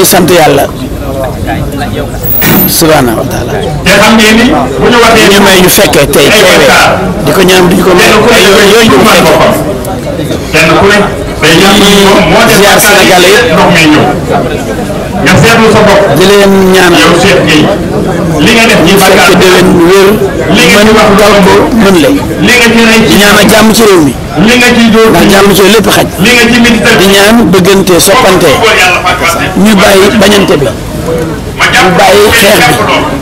ngi sant yàlla subhaana wa taala ñu may ñu fekkee tey teewee di ko ñaan duñ ko may yooyu ñu ko fekkee di ziar Sénégal yëpp di leen ñaanal ñu fekkee déwén wér man wax borom bo mën la li nga ci ñaan jàmm ci réew mi li nga ci jóor lépp xaj li nga ci di ñaan bëggante soppante ñu bàyyi bañante bi bàyyi xeex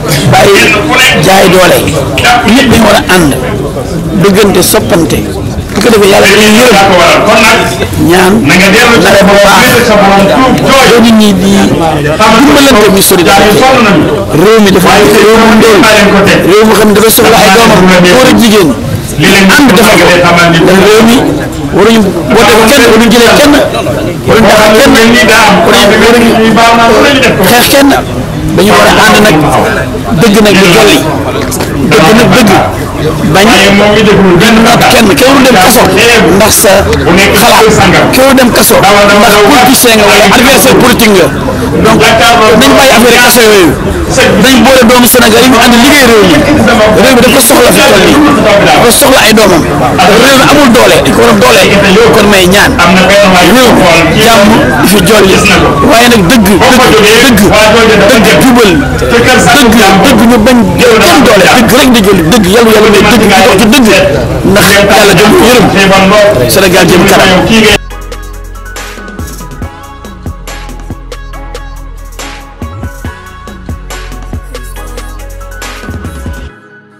bi bàyyi jaay doole ñëpp dañu war a ànd bëggante soppante bu ko defee yàlla da leen yërëm ñaan nare ba baax ba nit ñi di dimbalante muy solidarité réew mi dafa réew mu ndóol réew mu xam ne dafa soxla ay doomam góor ak jigéen ànd dafa ko ndax réew mi waruñu boote ko kenn waruñu jëlee kenn waruñu taxaw kenn waruñu xeex kenn dañu war a ànd nag dëgg nag di jolli dëgg nag dëgg bañ benn noot kenn kéw dem kaso ndax sa xalaat kéw dem kaso ndax politicien nga wala adversaire politique nga donc nañ bàyyi affaire kaso yooyu dañ boole yi ñu ànd liggéey réew mi réew mi da ko soxla fi toll nii da ko soxla ay doomam réew mi amul doole dañ ko war a doole kon may ñaan réew jàmm fi jolli waaye nag dëgg dëgg jubal dëgg dëgg ñu bañ kenn doole dëgg rek di jëli dëgg yàlla yàlla ne dëgg di dox ci dëgg ndax yàlla jëm yërëm Sénégal jëm kanam